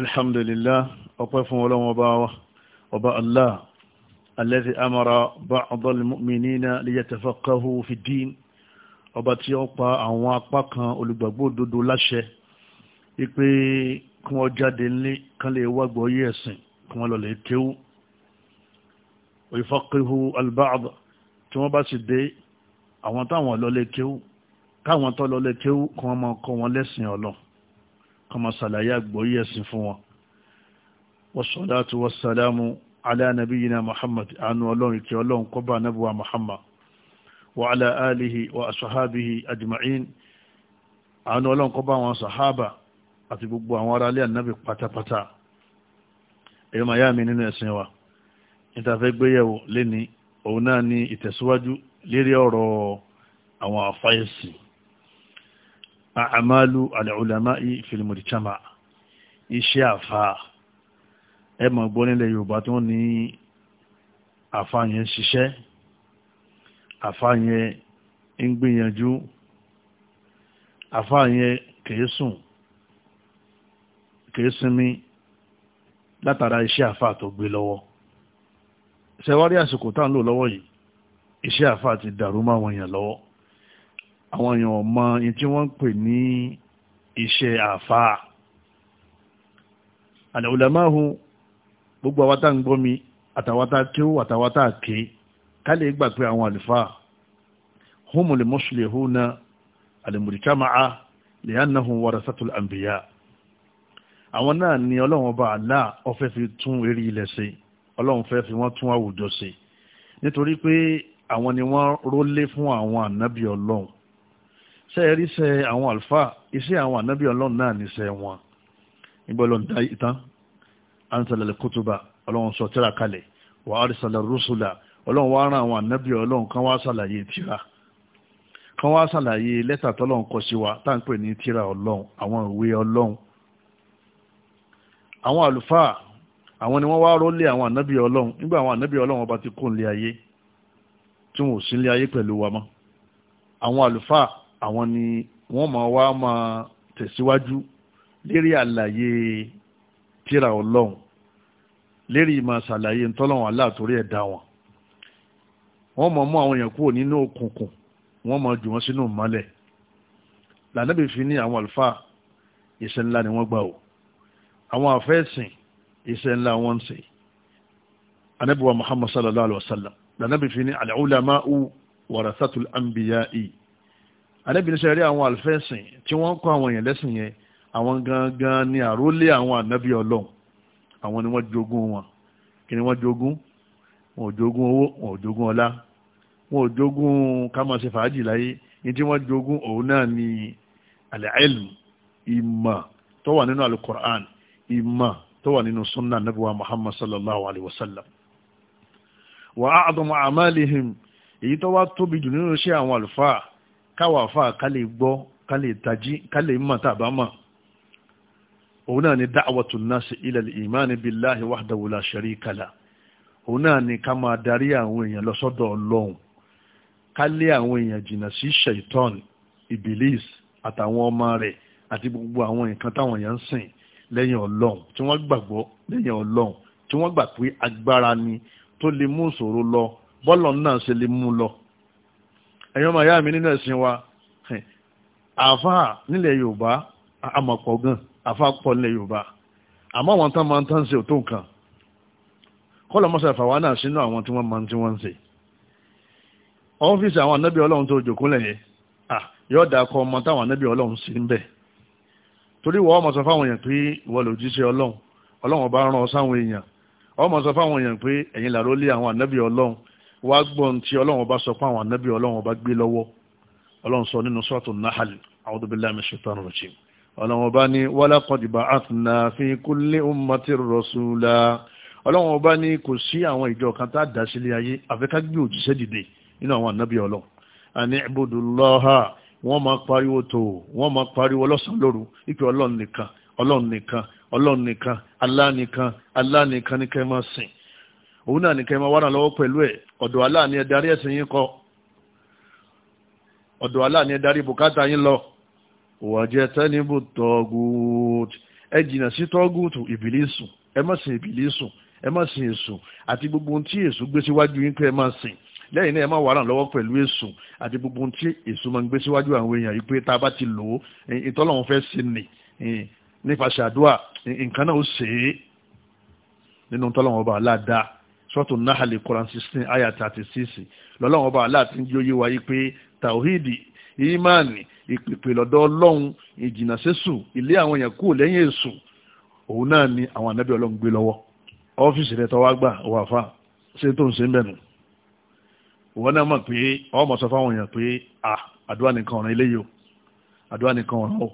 alhamdulillah ọpẹ́ fún Ọlọ́run ọba wa ọba allah alladhi amara ba'da al-mu'minina liyatafaqahu fi ddin ọba tí ó pa àwọn apá kan olùgbàgbọ́ òdodo láṣẹ wípé kí wọ́n jáde nílé kán lè wágbọ́ yí ẹ̀sìn kí wọ́n lọlẹ̀ kéwú ìfọ́kíhu alba'd tí wọ́n bá sì dé àwọn táwọn lọlẹ̀ kéwú káwọn tó lọlẹ̀ kéwú kí wọ́n kọ́ wọn lẹ́sìn Ọlọ́run kama ṣàlàyé àgbọ́yé ẹ̀sìn fún wọn wassalatu wassalamu ala nabiyyina muhammad anu ọlọ́run ìkẹ́ ọlọ́run kọba nabuwa muhammad wa ala alihi wa ashabihi ajma'in anu ọlọ́run kọba àwọn sahaba àti gbogbo àwọn ará ilé ànábì pátápátá èyí ma yá mi nínú ẹ̀sìn wa ìtafẹ́ gbéyẹ̀wò léni òun náà ni ìtẹ̀síwájú lérí ọ̀rọ̀ àwọn àfáyẹ̀sìn àmàlù àlẹ́ọ̀lẹ́mà ìfìlìmọ̀dìchàmà iṣẹ́ àfà ẹ máa gbọ́ nílẹ̀ yorùbá tí wọ́n ní àfà yẹn ṣiṣẹ́ àfà yẹn ń gbìyànjú àfà yẹn kìí sùn kìí sinmi látara iṣẹ́ àfà tó gbé lọ́wọ́ ṣẹwárí àsìkò tá à ń lò lọ́wọ́ yìí iṣẹ́ àfà ti dàrú máwọn èèyàn lọ́wọ́ àwọn èèyàn ọmọ yìí tí wọ́n ń pè ní iṣẹ́ àfáà àdàwùlámáhù gbogbo àwátá ń gbọ́mi àtàwátá kí ó àtàwátá ké ká lè gbà pé àwọn àlùfáà humul muslihuna al-mujtama'a li'annahum warasatul anbiya àwọn náà ni ọlọ́run ọba àlá ọfẹ́ fi tún eré ilẹ̀ ṣe ọlọ́run fẹ́ fi wọ́n tún àwùjọ ṣe nítorí pé àwọn ni wọ́n rólé fún àwọn ànábì ọlọ́run ṣe é rí ṣe àwọn àlùfáà iṣẹ́ àwọn ànábì ọlọ́run náà ní ṣe wọn nígbà ló ń da ìtàn ansalẹ̀ kútùbà ọlọ́run sọ tíra kalẹ̀ wà á rí sàlẹ̀ rúṣùlà ọlọ́run wá ran àwọn ànábì ọlọ́run kan wá ṣàlàyé tíra kan wá ṣàlàyé lẹ́tà tọ́lọ́run kọ sí wa tá à ń pè ní tíra ọlọ́run àwọn ìwé ọlọ́run àwọn àlùfáà àwọn ni wọ́n wá rólé àwọn ànábì ọlọ́run nígbà àwọn àlùfáà àwọn ni wọ́n máa wá máa tẹ̀síwájú lérí àlàyé tírà ọlọ́run lérí máa ṣàlàyé ntọ́lọ́run aláàtórí ẹ̀dá wọn wọ́n máa mú àwọn èèyàn kúrò nínú òkùnkùn wọ́n máa jù wọ́n sínú ìmọ́lẹ̀ lànàbì fi ní àwọn àlùfáà iṣẹ́ ńlá ni wọ́n gbà o àwọn àfẹ́sìn iṣẹ́ ńlá wọ́n ń ṣe anábìwá muhammad sallallahu alayhi wa sallam lànàbì fi ní al-ulama'u warasatul anbiya'i anábìnrin sẹ́rí àwọn àlùfẹ́sìn tí wọ́n kọ́ àwọn èèyàn lẹ́sìn yẹn àwọn gangan ni àrólé àwọn ànábì ọlọ́run àwọn ni wọ́n jogún wọn kí ni wọ́n jogún wọn ò jogún owó wọn ò jogún ọlá wọn ò jogún kámọ́ ṣe fàájì láyé ní tí wọ́n jogún òun náà ni al-ilm ìmọ̀ tó wà nínú alukur'an ìmọ̀ tó wà nínú sunna nabuwa muhammad sallallahu alaihi wasallam wa a'dhamu a'malihim èyí tó wá tóbi jù nínú iṣẹ́ àwọn àlùfáà káwà fà ká lè gbọ́ ká lè tají ká lè mọ̀ tàbá mọ̀ òun náà ni da'watu nasi ila al-imani billahi wahdahu la sharika lah òun náà ni ká máa darí àwọn èèyàn lọ sọ́dọ̀ ọlọ́run ká lé àwọn èèyàn jìnnà sí shaitan ibilis àtàwọn ọmọ rẹ̀ àti gbogbo àwọn nǹkan táwọn èèyàn ń sìn lẹ́yìn ọlọ́run tí wọ́n gbàgbọ́ lẹ́yìn ọlọ́run tí wọ́n gbà pé agbára ni tó lè mú ìṣòro lọ bọ́lọ̀ náà ṣe lè mú lọ ẹ̀yin ọmọ ìyá mi nínú ẹ̀sìn wa àáfàá nílẹ̀ yorùbá àmọ̀pọ̀ gan àáfàá pọ̀ nílẹ̀ yorùbá àmọ́ àwọn tán máa ń tán ṣe òtó nǹkan kọ́lọ̀ mọ́sá ìfàwọ́ náà sínú àwọn tí wọ́n máa ń tí wọ́n ń ṣe ọ́fíìsì àwọn anábì ọlọ́run tó jòkó lẹ́yìn yóò dà kọ́ ọmọ táwọn anábì ọlọ́run sí ń bẹ̀ torí wọ́n ọmọ sọ fáwọn èèyàn pé ìwọ lòjíṣẹ́ ọlọ́run ọlọ́run ọba rán ọ sáwọn èèyàn ọmọ sọ fáwọn èèyàn pé ẹ̀yin làró lé àwọn anábì ọlọ́run wá gbọ́n tí ọlọ́run bá sọ pé àwọn anábì ọlọ́run bá gbé lọ́wọ́ ọlọ́run sọ nínú sọ́ọ̀tù nahal a'udhu billahi minash shaitani rajim ọlọ́run bá ní walaqad ba'athna fi kulli ummatin rasula ọlọ́run bá ní kò nìkan ọlọ́run ní kẹ́ máa sìn òun náà nìkan máa wà lọ́wọ́ pẹ̀lú ẹ̀ ọ̀dọ̀ Allah ni ẹ darí ẹ̀sìn yín kọ ọ̀dọ̀ Allah ni ẹ darí bùkátà yín lọ wàjẹ́ tẹ́nibù tọ́gùtù ẹ jìnà sí tọ́gùtù ìbìlísù ẹ má sìn ìbìlísù ẹ má sìn èṣù àti gbogbo ohun tí èṣù gbé síwájú yín pé ẹ má sìn lẹ́yìn náà ẹ má wàrà lọ́wọ́ pẹ̀lú èṣù àti gbogbo ohun tí èṣù máa ń gbé síwájú àwọn èèyàn yìí pé tá a bá ti lò ó ìtọ́lọ́run fẹ́ sí ni nípasẹ̀ àdúrà nǹkan náà ó ṣe nínú tọ́lọ́run ọba aládàá sọ́tún nahali Quran sixteen aya thirty six lọ́lọ́run ọba aláàtí ń yóyé wáyé pé tawhidi imani ìpèpè lọ́dọ̀ ọlọ́run ìjìnà sẹ́sù ilé àwọn èèyàn kú lẹ́yìn èṣù òun náà ni àwọn ànábì ọlọ́run gbé lọ́wọ́ ọ́fíìsì rẹ̀ tọ́wá gbà wà fà ṣé tó ń ṣe ń bẹ̀nu ìwọ náà mọ̀ pé ọmọ sọ fáwọn èèyàn pé àdúrà nìkan ọ̀ràn eléyìí o àdúrà nìkan ọ̀ràn o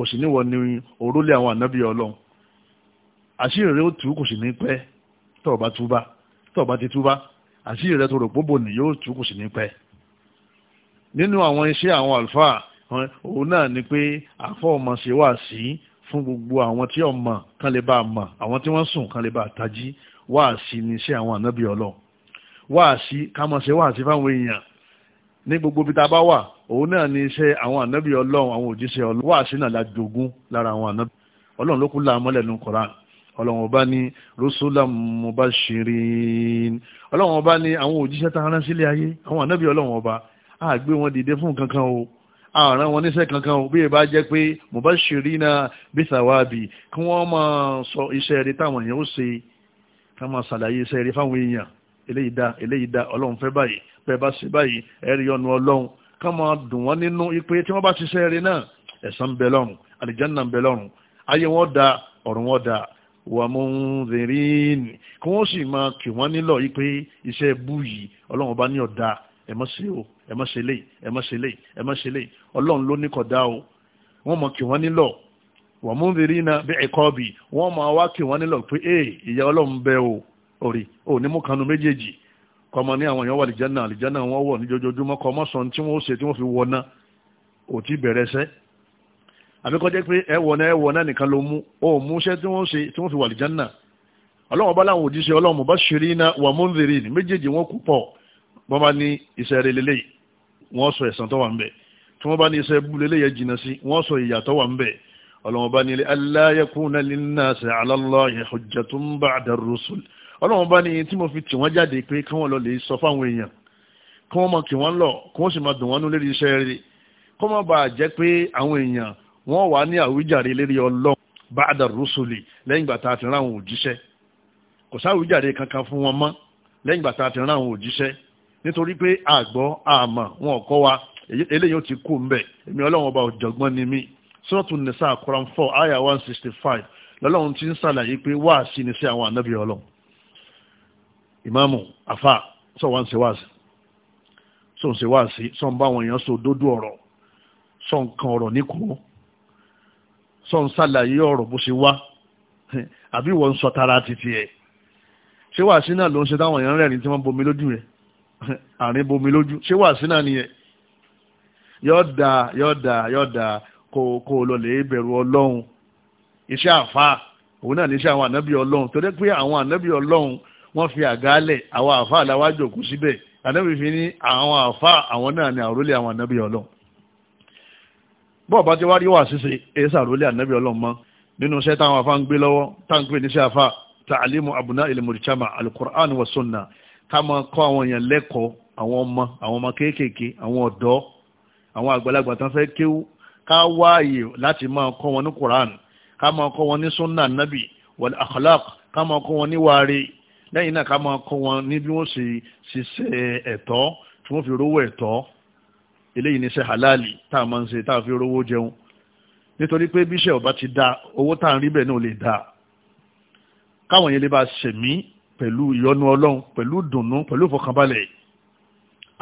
òsì níwọ̀ ni òrólé àwọn ànábì ọlọ́run àṣírí rẹ̀ ó tù kò sì ní pẹ́ tọ́ọ̀ bá túbà tó bá ti túbá àṣírí rẹ tó rò pé bòní yóò túkù sí ní pẹ́ nínú àwọn iṣẹ́ àwọn àlùfáà òun náà ni pé àfọ́ ọmọ ṣe wà sí fún gbogbo àwọn tí ọmọ kan lè bá a mọ̀ àwọn tí wọ́n sùn kan lè bá a tají wà sí ní iṣẹ́ àwọn ànábì ọlọ́run wà sí ká mọ̀ ṣe wà sí fáwọn èèyàn ní gbogbo bí ta bá wà òun náà ni iṣẹ́ àwọn ànábì ọlọ́run àwọn òjíṣẹ́ ọlọ́run wà sí náà la jogún lára àwọn ànábì ọlọ́run ló kú láàmọ́lẹ̀ nù Kùránì ọlọ́run ọba ní rusulam mubashirin ọlọ́run ọba ní àwọn òjíṣẹ́ tá a rán sílé ayé àwọn ànábì ọlọ́run ọba a gbé wọn dìde fún kankan o a rán wọn níṣẹ́ kankan o bí ìbá jẹ́ pé mubashirina bisawabi kí wọ́n máa sọ iṣẹ́ rẹ táwọn èèyàn ó ṣe ká máa ṣàlàyé iṣẹ́ rẹ fáwọn èèyàn eléyìí dá eléyìí dá ọlọ́run fẹ́ báyìí bẹ́ẹ̀ bá ṣe báyìí ẹ̀rí ọ̀nà ọlọ́run ká máa dùn wọ́n nínú wàmúnzẹ̀rín kí wọ́n sì máa kì wọ́n nílọ̀ yìí pé iṣẹ́ bú yìí ọlọ́run ọba ní ọ̀dà ẹ má ṣe o ẹ ma ṣe léyìí ẹ má ṣe léyìí ẹ ọlọ́run ló ní kọ̀dá o wọ́n mọ̀ kì wọ́n nílọ̀ wàmúnzẹ̀rín náà bí ẹ̀kọ́ bì wọ́n wá kì wọ́n nílọ̀ pé ee ìyá ọlọ́run bẹ o ní mú kanu méjèèjì ní àwọn èèyàn wà lìjánà lìjánà wọ̀ tí fi wọ ná òtí bẹ̀rẹ̀ àbíkọ́ jẹ́ pé ẹ̀wọ̀ náà ẹ̀wọ̀ náà nìkan ló mú ó mú iṣẹ́ tí wọ́n ṣe tí wọ́n fi wà lìjánà ọlọ́run ọba láwọn òjíṣẹ́ ọlọ́run bá ṣeré iná wà mú nzèrè ní méjèèjì wọn kú pọ̀ wọ́n bá ní iṣẹ́ rẹ̀ lélẹ̀ wọ́n sọ ẹ̀san tó wà ń bẹ̀ tí wọ́n bá ní iṣẹ́ bú lélẹ̀ yẹn jìnnà sí wọ́n sọ ìyà tó wà ń bẹ̀ ọlọ́run bá ní wọ́n wà ní àwíjàre lérí ọlọ́run báàdà rúṣùlì lẹ́yìn ìgbà tá a ti rán àwọn òjíṣẹ́ kò sáwíjàre kankan fún wọn mọ́ lẹ́yìn ìgbà tá a ti rán àwọn òjíṣẹ́ nítorí pé àgbọ́ àmọ́ wọn kọ́ wa eléyìí ó ti kú mbẹ̀ èmi ọlọ́run ọba ọ̀jọ̀gbọ́n ni mí sọ́ọ̀tù nìsa Quran four aya one sixty five lọ́lọ́run ti ń ṣàlàyé pé wáàsí ni sí àwọn ànábì ọlọ́run ìmáàmù àfà sọ wá ń ṣe wáàsí sọ ń ṣe wáàsí sọ sọ ń ṣàlàyé ọ̀rọ̀ bó ṣe wá àbí wọ́n ń sọ tara títí ẹ̀ ṣé wàá sí náà ló ń ṣe táwọn èèyàn rẹ̀rìn tí wọ́n bomi lójú rẹ̀ àárín bomi lójú ṣé wàá sí náà nìyẹn yóò da yóò da yóò da kó kó lọ lè bẹ̀rù ọlọ́run iṣẹ́ àfáà òun náà níṣẹ́ àwọn ànábì ọlọ́run tó pé àwọn ànábì ọlọ́run wọ́n fi àgálẹ̀ àwọn àfáà làwájò kú síbẹ̀ ànábì fi ní àwọn àfáà àwọn náà ni àrólé àwọn ànábì ọlọ́run bọ́ọ̀ bá ti wá rí wà ṣíṣe èésà lólé ànábì ọlọ́mọ nínú iṣẹ́ táwọn afá ń gbé lọ́wọ́ táwọn pè níṣẹ́ afá ta'alimu abuna ilmurchama alukur'an wa sunna ká máa kọ́ àwọn èèyàn lẹ́kọ̀ọ́ àwọn ọmọ àwọn ọmọ kéékèèké àwọn ọ̀dọ́ àwọn àgbàlagbà tán fẹ́ kéwú ká wáàyè láti máa kọ́ wọn ní quran ká máa kọ́ wọn ní sunna nabi wal akhlaq ká máa kọ́ wọn ní wàre lẹ́yìn náà ká máa kọ́ wọn ní bí wọ́n ṣe ṣiṣẹ́ ẹ̀tọ́ tí wọ́n fi rówó ẹ̀tọ́ eléyìí ní sẹ́ halali tá a máa ń ṣe tá a fi rówó jẹun nítorí pé bíṣẹ́ ọba ti da owó tá à ń rí bẹ́ẹ̀ náà lè da káwọn yẹn lè bá ṣẹ̀mí pẹ̀lú ìyọnu ọlọ́run pẹ̀lú dùnnú pẹ̀lú ìfọkànbalẹ̀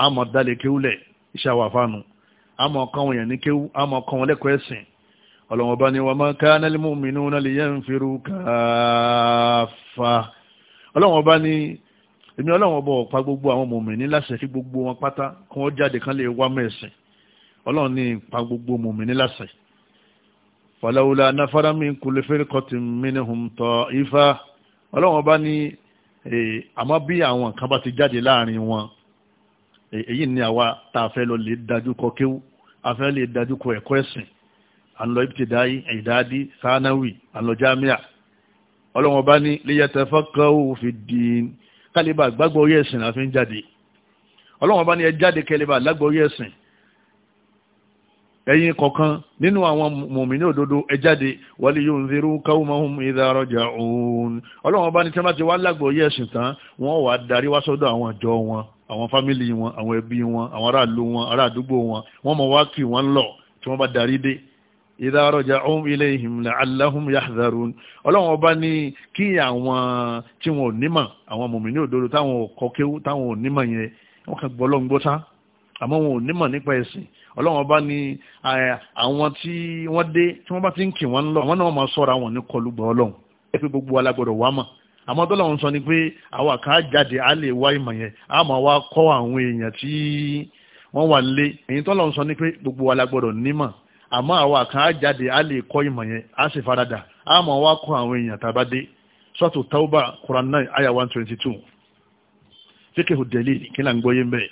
àmọ́ dalẹ̀ kéwúlẹ̀ iṣẹ́ àwọn àfáànù àmọ́ káwọn yẹn ní kéwú àmọ́ káwọn lẹ́kọ̀ọ́ ẹ̀sìn ọlọ́wọ́n bá ní wa ma kana lil mu'minuna liyanfiru kaffa ọlọ́wọ́n bá èmi ọlọ́run ọba ọ̀pá gbogbo àwọn mòmìnì láṣẹ kí gbogbo wọn pátá kí wọ́n jáde kán lè wá mẹ́sìn ọlọ́run ní ìpa gbogbo mòmìnì láṣẹ. falawla nafara min kulli firqatin minhum ta'ifa ọlọ́run ọba ní àmọ́ bí àwọn kan bá ti jáde láàrin wọn èyí ni àwa tá a fẹ́ lọ lè dájú kọ kéwú a fẹ́ lè dájú kọ ẹ̀kọ́ ẹ̀sìn à ń lọ ibtidai ìdádí sánáwì Kaliba, gbàgbọ́ orí ẹ̀sìn la fi ń jáde ọlọ́wọ́n bá ní ẹ jáde kẹlẹ́bà lágbọ́ orí ẹ̀sìn ẹ̀yin kọ̀ọ̀kan nínú àwọn mùmínì òdodo ẹ jáde wali yunziru qawmahum idha raja'un ọlọ́wọ́n bá ní tí wọ́n bá ti wá lágbọ́ orí ẹ̀sìn tán wọ́n wà darí wá sọ́dọ̀ àwọn àjọ wọn àwọn fámìlì wọn àwọn ẹbí wọn àwọn aráàlú wọn ará àdúgbò wọn wọ́n mọ̀ wá kì wọ́n lọ tí wọ́n bá darí dé idha raja'u ilayhim la'allahum yahdharun ọlọ́run ọba ní kí àwọn tí wọn ò nímọ̀ àwọn mùmínì òdodo táwọn kò kéwú táwọn ò nímọ̀ yẹn wọ́n kàn gbọ́ lọ́n gbọ́ta àmọ́ wọn ò nímọ̀ nípa ẹ̀sìn ọlọ́run ọba ní àwọn tí wọ́n dé tí wọ́n bá ti ń kì wọ́n lọ àwọn náà máa sọ́ra wọn ní kọlùgbà ọlọ́run ẹ fi gbogbo alágbọ̀dọ̀ wá mọ̀ àmọ́ tọ́lọ́run sọ ni pé àwa kan jáde á lè wá ìmọ̀ yẹn á máa wá kọ́ àwọn èèyàn tí wọ́n wà lé èyí tọ́lọ́run sọ ni pé gbogbo alágbọ̀dọ̀ nímọ̀ àmọ́ àwa kan á jáde á lè kọ́ ìmọ̀ yẹn á sì faradà á mọ̀ wá kọ́ àwọn èèyàn tàbá dé sọ́tò tauba quran 9 aya 122 fíkèhù dẹ̀lì kí là ń gbọ́yé ń bẹ̀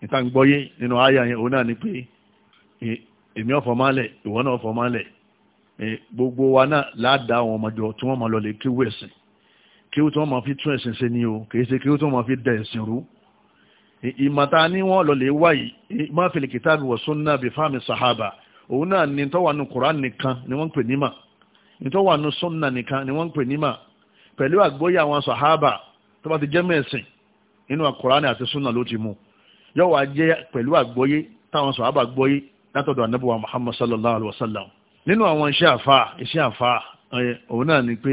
níta ń gbọ́yé nínú aya yẹn òun náà ni pé èmi ọ̀fọ̀ máa lẹ̀ ìwọ náà ọ̀fọ̀ máa lẹ̀ gbogbo wa náà láàdá àwọn ọmọjọ tí wọ́n máa lọ lè kíwú ẹ̀sìn kíwú tí wọ́n máa fi tún ẹ̀sìn ṣe ni o kìí ṣe kíwú tí wọ́n máa fi da ẹ̀sìn rú ìmọ̀ta ni wọ́n lọ lè wáyìí má fi lè kìtàbí wa sunna bí fáàmì sàhábà òun náà ni tó wà nù nìkan ni wọ́n ń pè nímà ni tó wà nù Sunna nìkan ni wọ́n ń pè nímà pẹ̀lú àgbóyè àwọn sàhábà tó bá ti jẹ́ mẹ́sìn nínú Kùránì àti Sunna ló ti mú yóò wá jẹ́ pẹ̀lú àgbóyè táwọn sàhábà gbóyè látọ̀dọ̀ Ànábì wa Muhammad sallallahu alaihi wa sallam nínú àwọn iṣẹ́ àfa iṣẹ́ àfa òun náà ni pé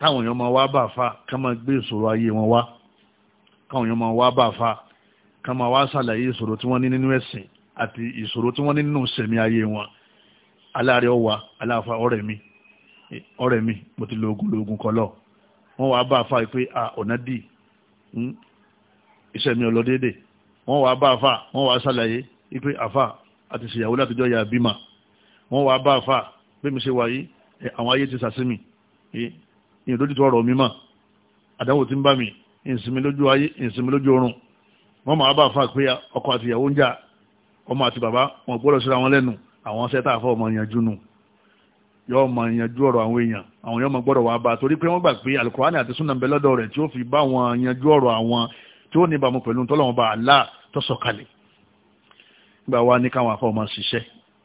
káwọn èèyàn máa wá bá àfa ká máa gbé ìṣòro ayé wọn wá káwọn èèyàn máa wá bá àfa ká máa wá ṣàlàyé ìṣòro tí wọ́n ní nínú ẹ̀sìn àti ìṣòro tí wọ́n ní nínú sẹ̀mí ayé wọn aláàrẹ ọwà aláàfà ọ̀rẹ́ mi ọ̀rẹ́ mi mo ti lo oògùn lo oògùn kọlọ wọ́n wàá bá àfà pé a ọ̀nà dì hmm, iṣẹ́ mi ò lọ déédé wọ́n wàá bá àfà wọ́n wàá ṣàlàyé pé àfà àti ṣèyàwó látijọ́ ya bímà wọ́n wàá bá àfà pé mi ṣe wà yìí àwọn ayé ti sàsímì ìyẹn lójú tó ọ̀rọ̀ mi mà àdánwò ti ń bá mi ìsinmi lójú ayé ìsinmi lójú oorun wọ́n máa bá àfà pé ọkọ àtìyàwó ń jà ọmọ àti bàbá wọn gbọ́dọ̀ síra wọn lẹ́nu àwọn sẹ́tà àfọ ọmọ yanjú nù yọ ọmọ yanjú ọ̀rọ̀ àwọn èèyàn àwọn yọmọ gbọ́dọ̀ wà bá torí pé wọ́n gbà pé alukurani àti sunna bẹ lọ́dọ̀ rẹ̀ tí ó fi bá wọn yanjú ọ̀rọ̀ àwọn tí ó ní ìbámu pẹ̀lú tọ́lọ́wọ́n bá àlá tọ́sọ̀kalẹ̀ nígbà wa ní káwọn afọ ọmọ ṣiṣẹ́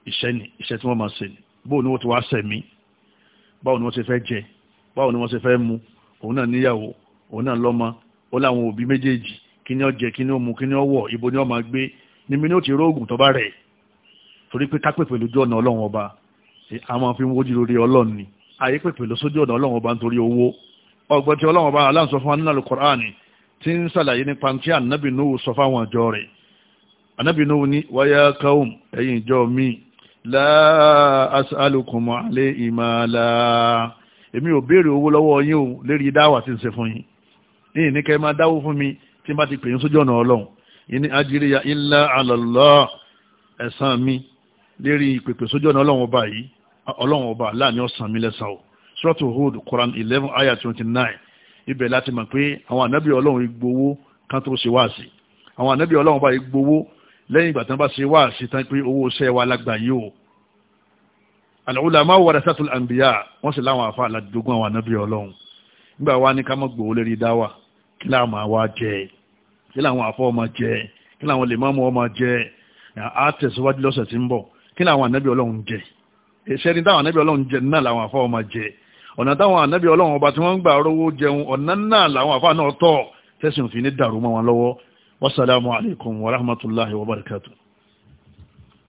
iṣẹ́ ni iṣẹ́ tí wọ́n máa ṣe ni bóun ni wọ́n ti wá sẹ̀mí báwo ni wọ́n ṣe fẹ́ jẹ báwo ni wọ́n ṣe fẹ́ mu òun náà níyàwó òun náà lọ́mọ ó láwọn òbí méjèèjì kí ni ó jẹ kí ni ó mu kí ni ó wọ̀ ibo ni ó máa gbé níbi ní ó ti rógùn tó bá rẹ̀ torí pé ká pèpè lójú ọ̀nà ọlọ́run ọba àwọn fi ń wojú lórí ọlọ́run ni àyè pèpè lọ sójú ọ̀nà ọlọ́run ọba nítorí owó ọgbọ́n tí ọlọ́run ọba aláǹsọ fún wa nínú alukọ́ránì tí ń sàlàyé nípa tí ànábì nóò sọ fáwọn àjọ rẹ̀ ànábì nóò ní wáyà káwùm ẹ̀yìn ìjọ mi la as'alukum alayhi mala èmi ò béèrè owó lọ́wọ́ yín o lérí dáwà tí ń ṣe fún yín ní ìníkẹ́ máa dáwó fún mi tí bá ti pè yín sójú ọ̀nà ọlọ́run ìní ajiriya illa ala Allah ẹ̀sán mi lérí ìpèpè sójú ọ̀nà ọlọ́run ọba yìí ọlọ́run ọba láàrin ọ̀sán mi lẹ́sàn o sọ́tò hood Quran eleven ayah twenty nine ibẹ̀ láti mọ̀ pé àwọn ànábì ọlọ́run gbowó kan tó ṣe wáàsí àwọn ànábì ọlọ́run bá gbowó lẹ́yìn ìgbà tán bá ṣe wáàsí tán pé owó iṣẹ́ wa lágbà yìí o al-ulama warathatul anbiya wọ́n sì láwọn àfa àlàdógún àwọn ànábì ọlọ́run nígbà wa ní ká mọ̀ gbowó lérí dáwà kí láàmú àwa jẹ́ ẹ̀ kí làwọn àfọ́ ọmọ jẹ kí làwọn lè máa mú ọmọ jẹ á tẹ̀síwájú lọ́sẹ̀ tí ń bọ̀ kí làwọn ànábì ọlọ́run jẹ ìṣẹ́ni táwọn ànábì ọlọ́run jẹ náà làwọn àfọ́ ọmọ jẹ ọ̀nà táwọn ànábì ọlọ́run ọba tí wọ́n ń gbà rówó jẹun ọ̀nà náà làwọn àfọ́ náà tọ̀ tẹ̀sìn òfin ní dàrú mọ́ wọn lọ́wọ́ wassalamu alaikum warahmatullahi wabarakatuh